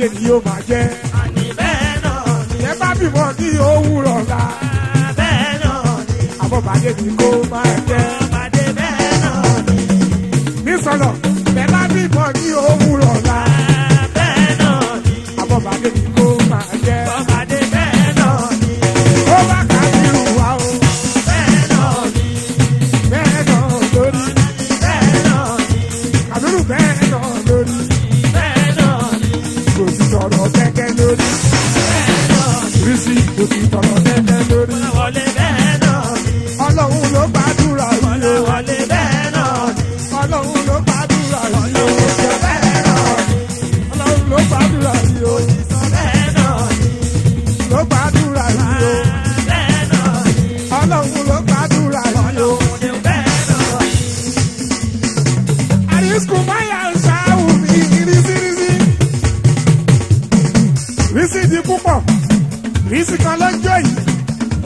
jáde ni yóò máa jẹ́. àní bẹ́ẹ̀ náà ni. ìyẹn bá bímọ ní òwúrọ̀ ọ̀la. bẹ́ẹ̀ náà ni. àbọ̀bàdé ni kó máa jẹ́. àbọ̀bàdé bẹ́ẹ̀ náà ni. ní sọ̀lọ̀.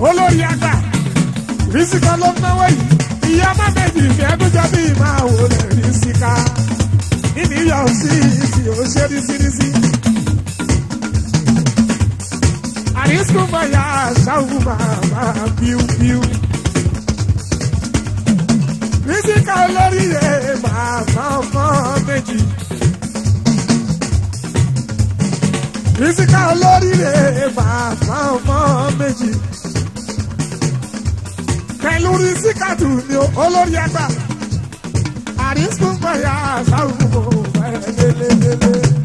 olórí àgbà rísíkà ló náwó yìí ìyá má méjì ìfẹ́ tó jọ bí máa wò ṣe dísídísí. àrísùn báyà ṣàwù bàbá bíúbíú. mísíkà olórí rẹ̀ bàbá ọkọ méjì. mísíkà olórí rẹ̀ bàbá ọkọ méjì. pẹ̀lú rísíkà tù ní olórí àgbà. àrísùn dele dele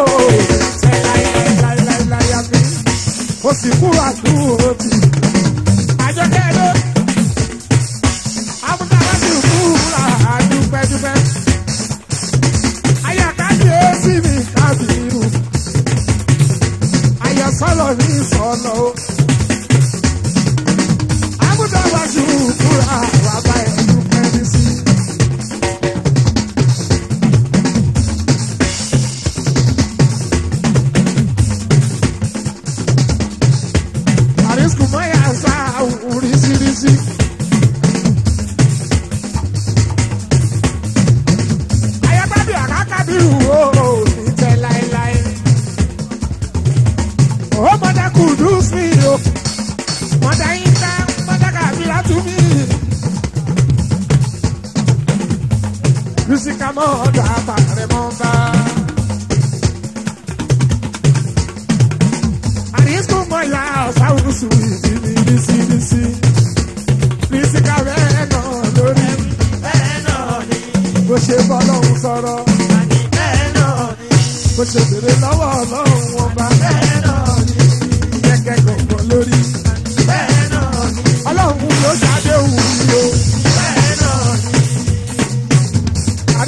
ó tẹ̀láyé láéláé láyé àbí ó sì kú àtúwò bí. Ooh.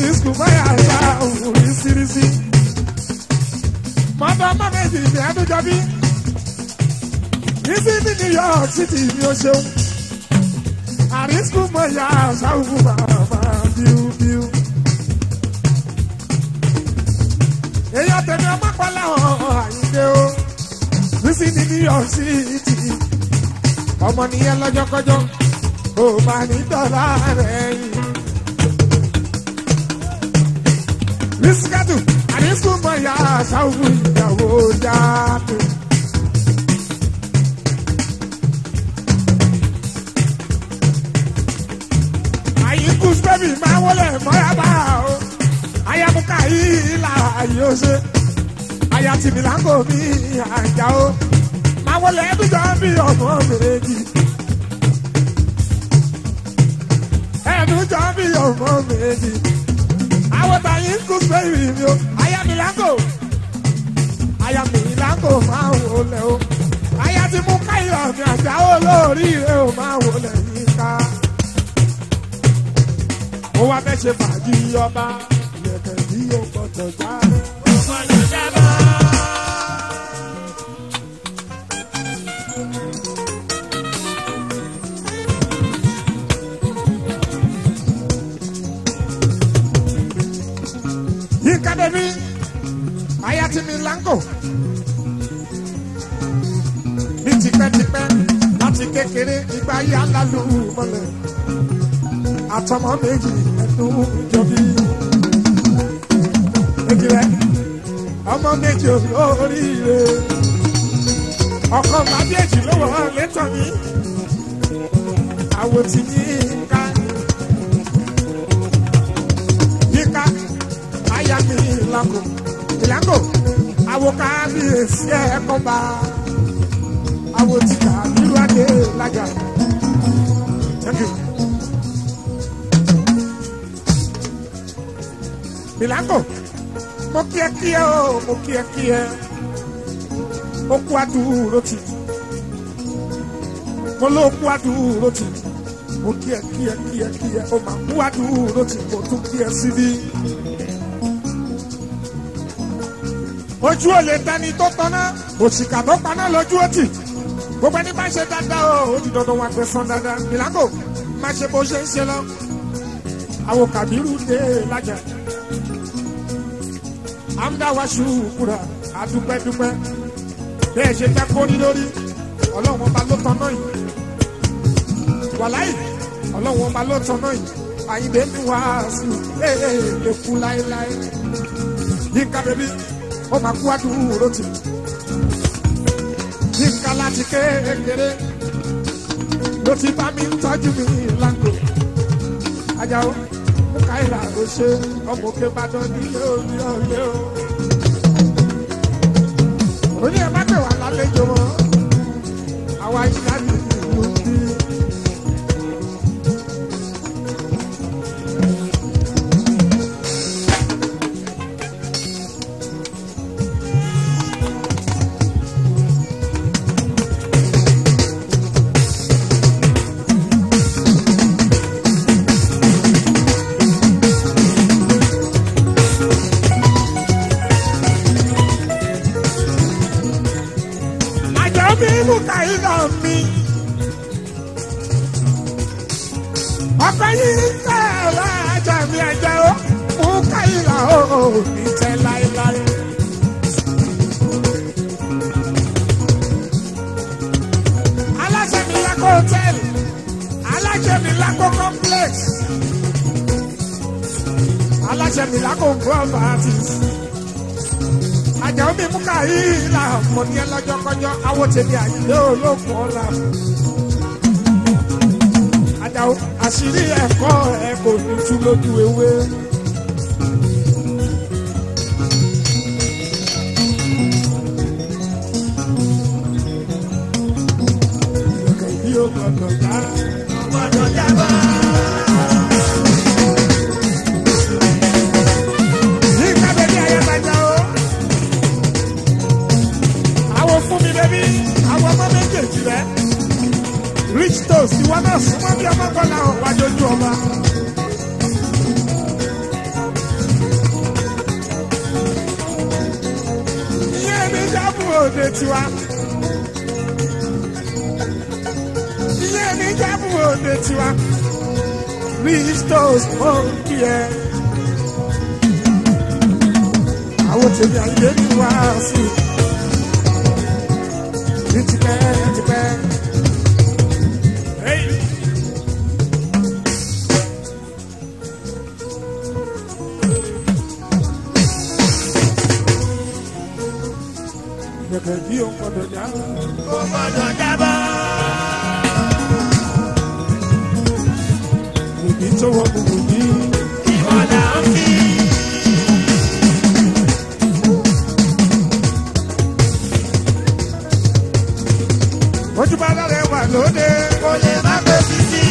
disco báyà àgbà oríṣiríṣi. Mọ́tò mọ́nẹ́jì ìfẹ́ Adéjọbí. Ìsí ní New York City ni ó ṣeun. Àrísìkú mọ̀ yá ṣáwùkú bàbá bíú bíú. Èyí àtẹ̀mí ọmọ pálá ọ̀hún àyíké o. Ìsí ní New York City. Ọmọ nìyẹn lọ́jọ́kọ́jọ́. Ó máa ní dọ́là rẹ̀ yìí. Misikatu Anisunmọ̀yà Sáwùkú ìyàwó dáàbò. Àyíkú Sítẹ́bì máa wọlé mọ́ra bá o. Ayamuka yìí là yóò ṣe. Aya Tìmíláńgò mi àjà o. Máa wọlé ẹ̀dùjọ́ bí ọmọ méjì. Ẹ̀dùjọ́ bí ọmọ méjì owó tàyín school baby mi o aya milango aya milango máa wò lẹ o aya ti mú káyọ̀ mi àjà olóríire o máa wò lẹ yín ká. ó wá fẹ́ ṣe fàájì ọba ìyẹ̀kẹ̀ tí yóò gbọ́dọ̀ já. gbọ́dọ̀ já bá. Academy Hayati Milango ní tipẹ́tipẹ́ láti kékeré ìgbà yà lálù mọ́lẹ̀ àtọmọ méjì ẹ̀dùn jọbí méjì rẹ ọmọ méjì oríire ọkọ màdéjì ló wà létọ́ mi àwòtí mi. Ìlàngò Ìlàngò àwọn kábíyèsí ẹ̀kọ́ bá àwọn òtítà nílùú àdé lájà. Ìlàngò mo kí ẹ kí ẹ o mo kí ẹ kí ẹ ó kú àdúró tì mo ló kú àdúró tì mo kí ẹ kí ẹ kí ẹ kí ẹ ó mà kú àdúró tì mo tún kí ẹ síbí. ojú ò lè tẹni tó taná òṣìkà tó paná lójú ó gbogbo ẹni bá ṣe dáadáa o ó di dandan wá pé san dáadáa Mìlákò má ṣe bó ṣe ń ṣe lọ àwọn kàbírù dé lájà amúdáwáṣu kúra adúpẹ́dúpẹ́ bẹ́ẹ̀ ṣe fẹ́ kórí lórí ọlọ́run ọba ló tán náà yìí wàláì ọlọ́run ọba ló tán yìí àyíndé ní wàásù ẹ̀ẹ́dẹ̀kú láéláé yínká bẹ́bí ọmọ akúwádùúró tì yínká láti kékeré ló ti bá mi ń tọ́jú mi lágbo ajáò káyìlá ó ṣe ọmọ òkè bàdàn nílé orí ọ̀lẹ́ o. oní ẹ̀ má pè wá lálejò mọ́. nínú kàyídà mi. ọ̀pẹ́ yìí tẹ̀lé ajá mi ẹ̀jẹ̀ ó mú kàyídà ó mi tẹ̀ láéláé. aláṣẹ mi lákò hòtẹ́ẹ̀lì aláṣẹ mi lákò complex aláṣẹ mi lákò club artist. Naomi Mukaila mo ní ẹ lọ́jọ́ kọjọ́ awo tèmi àyílẹ̀ olókùn ọ̀la. Àdàó àṣírí ẹ̀kọ́ ẹ̀ kò ní tú lójú ewé. sí. Ní ti pẹ́ ní ti pẹ́. Gbẹ̀gbẹ̀ bí o gbọ́dọ̀ jábọ̀. O gbọ́dọ̀ jábọ̀. Ìbí tó wọ́n kúkú yìí. Ìwọ̀n là ń fi. lóde. kò lè má gbé sisi.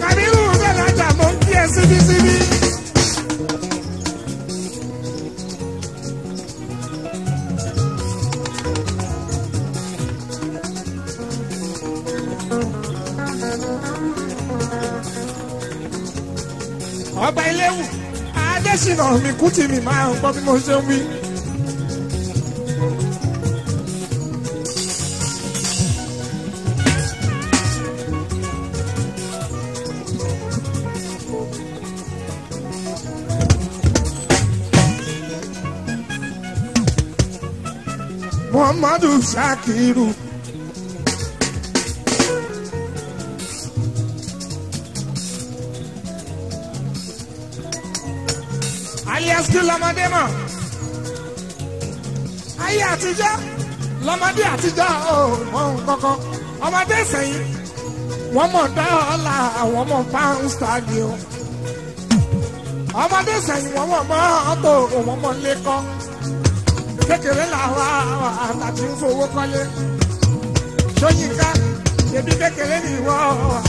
Kàbírù bẹ́ẹ̀ lajà mọ́ ń tiẹ̀ síbísíbí. ọba ilé wù adésínà mi kú tì mí máa ń gbọ́ bí mo ṣe ń wí. Ṣakiru. alias kí lọmọdé mọ̀ ayé àtijọ́ lọmọdé àtijọ́ ò mọ nǹkankan ọmọdé sẹ́yìn wọ́n mọ̀ dọ́ọ̀la àwọn ọmọ pàǹsà ni o ọmọdé sẹ́yìn wọ́n mọ̀ mọ́tò wọ́n mọ̀ lẹ́kọ̀ọ́ kékeré làwa àtàtì ń fowó kọ́lé sọ́yìnká ebi kékeré ni ìwọ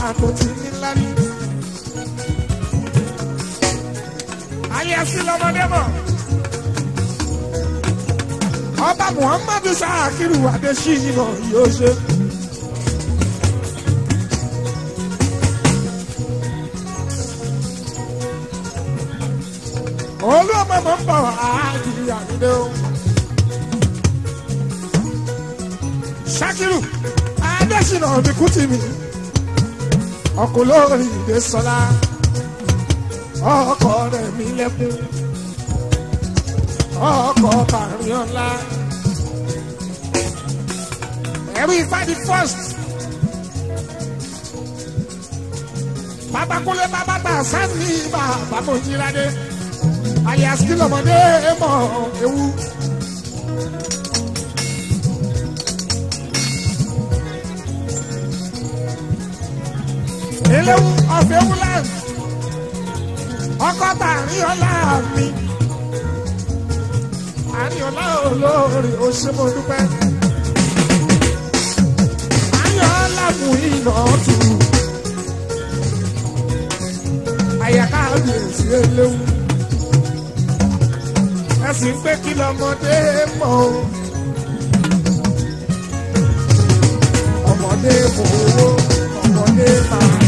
àtòtí ńlá ni. ayé sí lọ́mọdé mọ̀ ọba muhammadu sakiru adesina yóò ṣe. olú ọmọ mọ̀ ń bọ̀ àdìyà nílé o. Ṣakiru Adésínà Òbíkútìmí ọkọ lórí Ìdésọlá ọkọ rẹ̀ mí lẹ́kún ọkọ Bàríọlá ẹ̀rú ifá di first babakunle babata sani bàbá mojìlá dé àyà sikilọmọdé mọ ewu. eléwu ọ̀fẹ́wúlà ọkọ tàríọ́lá mi àríọ́lá olóore òṣèmọ̀dúpẹ́ àríọ́lá mú iná tù àyàká àbíyèsí eléwu ẹ̀sìn pé kí lọ́mọdé mọ̀ o. ọmọdé kò owó ọmọdé máa.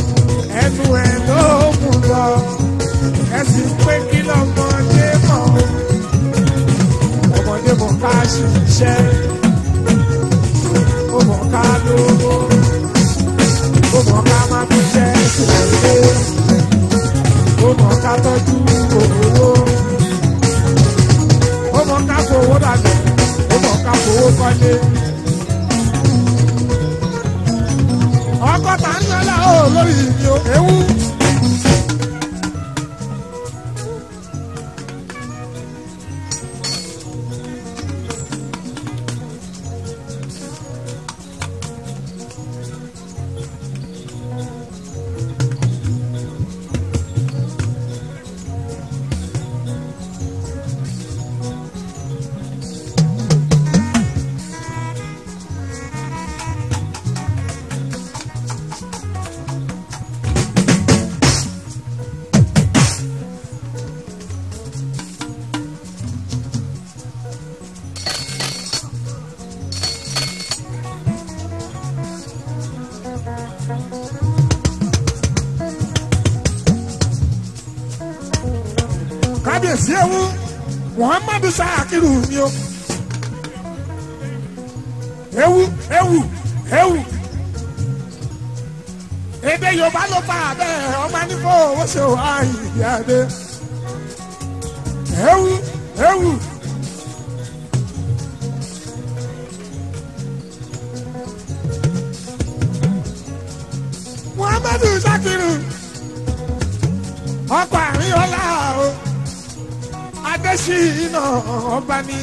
ẹnu ẹ̀ ló mú lọ ẹ sì pé kí lọ́mọdé mọ̀ ọmọdé mọ̀ ká ṣiṣẹ́ ó mọ̀ ká lówó ó mọ̀ ká má tó jẹ́ ìṣòro ó mọ̀ ká tọ́jú òwò ó mọ̀ ká fowó dàgbà ó mọ̀ ká fowó kọ́lé. ọkọ tà ń yànlá o lórí mi o ewu. nírú mi o ewu ewu ewu Ebe yorùbá ló fa abẹ ọmọ ní kó owó ṣe wá ìdí adé ewu ewu. muhammadu sakiru ọkọ àríyọlá o. Adesina ọba ni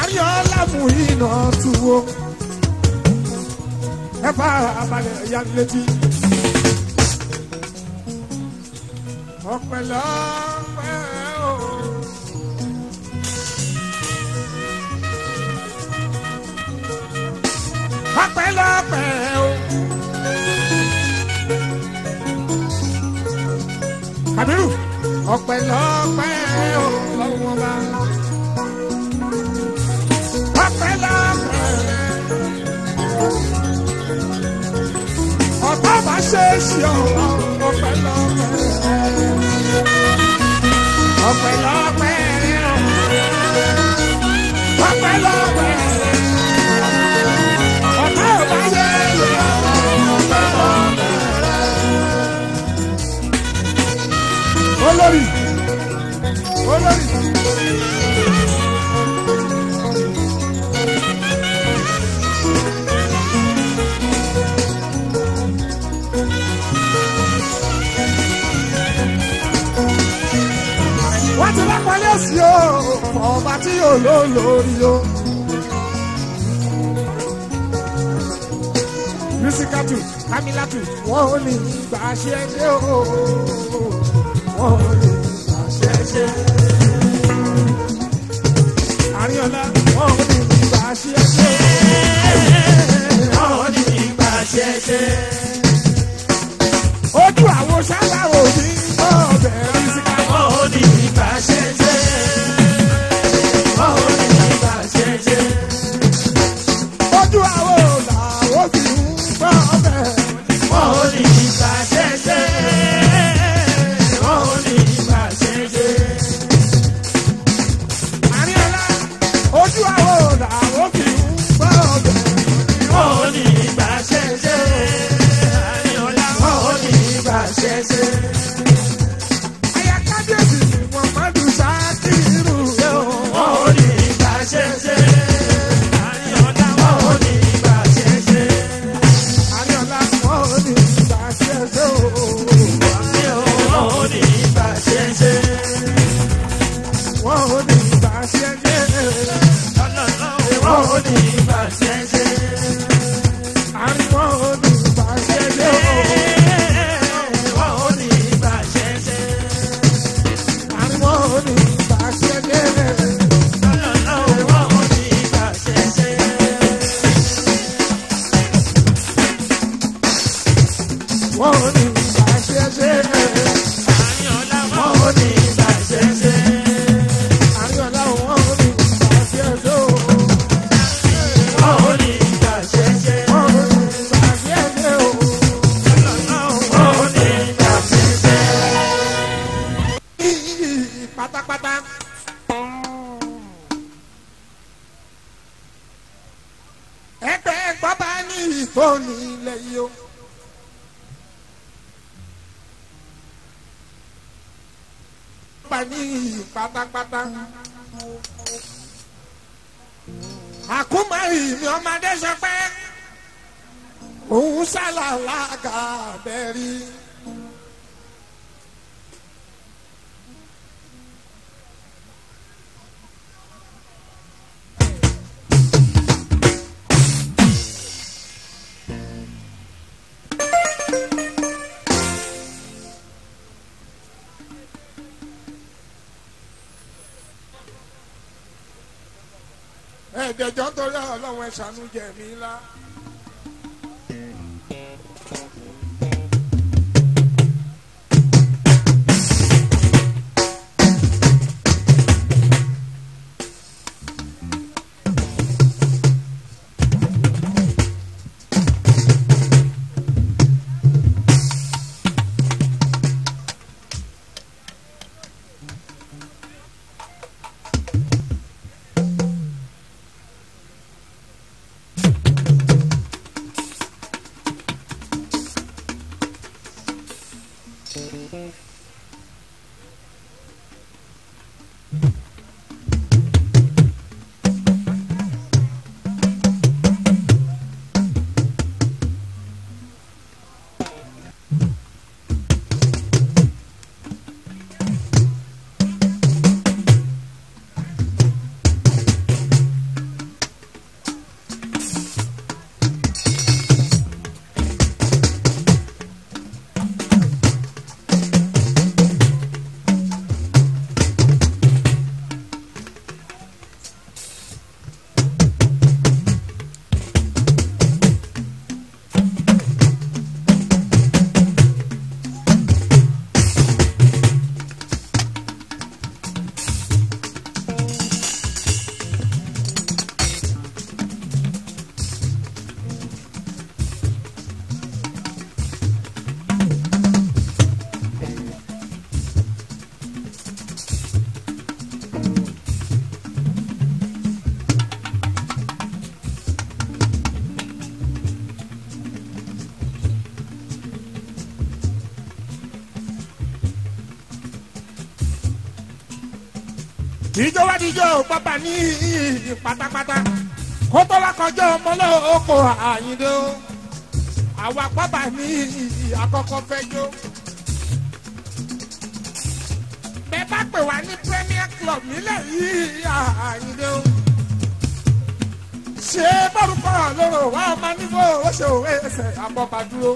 Ariola Muina Tuwo ẹ bá abalẹ̀ ya létí. ọ̀pẹ̀lọpẹ̀ o. ọ̀pẹ̀lọ. ọpẹ́lọpẹ́ olówó bá. ọpẹ́lọpẹ́ ọba bá ṣe é ṣe ọ̀rọ̀ ọpẹ́lọpẹ́ ọpẹ́lọpẹ́ ọpẹ́lọpẹ́. olórí olórí. wọ́n ti lápalẹ̀ òsì o ọba tí yóò lò lórí o. mísíkàtù kámílàtù wọn ò ní gbà ṣe é dé o oh, olè ṣàṣẹṣẹ. àríọ̀lá wọn ò ní ìgbà ṣẹṣẹ. wọn ò ní ìgbà ṣẹṣẹ. ojú àwọn ṣàlàrò ní ọbẹ̀ rí sí ká. wọn ò ní ìgbà ṣẹṣẹ. wọn ò ní ìgbà ṣẹṣẹ. ojú àwọn làwọn fi ń gbọ́. ọlọ́run ní ilẹ̀ yìí o. pa ní iyì pátápátá. àkúmọ̀ ìmì ọmọdé sọ pé òun sálà lága bẹ́ẹ̀ rí. ẹ̀jẹ̀ jọ́ torí ọlọ́run ẹ̀ ṣàánú jẹ̀mí ńlá. bádìjọ́ pápá ní pátápátá kó tó lákọjọ́ ọmọ náà ó kó àyíndé o àwa pápá ní àkọ́kọ́ fẹ́ jó. bẹ́ẹ̀ bá pè wá ní premier club nílẹ̀ yìí àyíndé o ṣé bọ́ọ̀lù kan lóró wa máa níbo ó ṣe òwe ẹsẹ̀ àbọ̀bà dúró.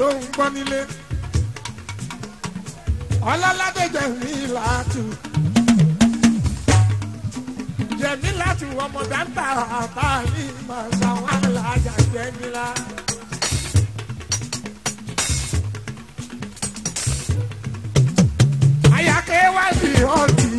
lóhùn gbọ́ nílé ọlọ́ládé jẹ̀mí látù jẹ̀mí látù ọmọ dáńtà àtàlí màsáwọn alájà jẹ̀mí látù. ayáké wá sí ọ̀dù.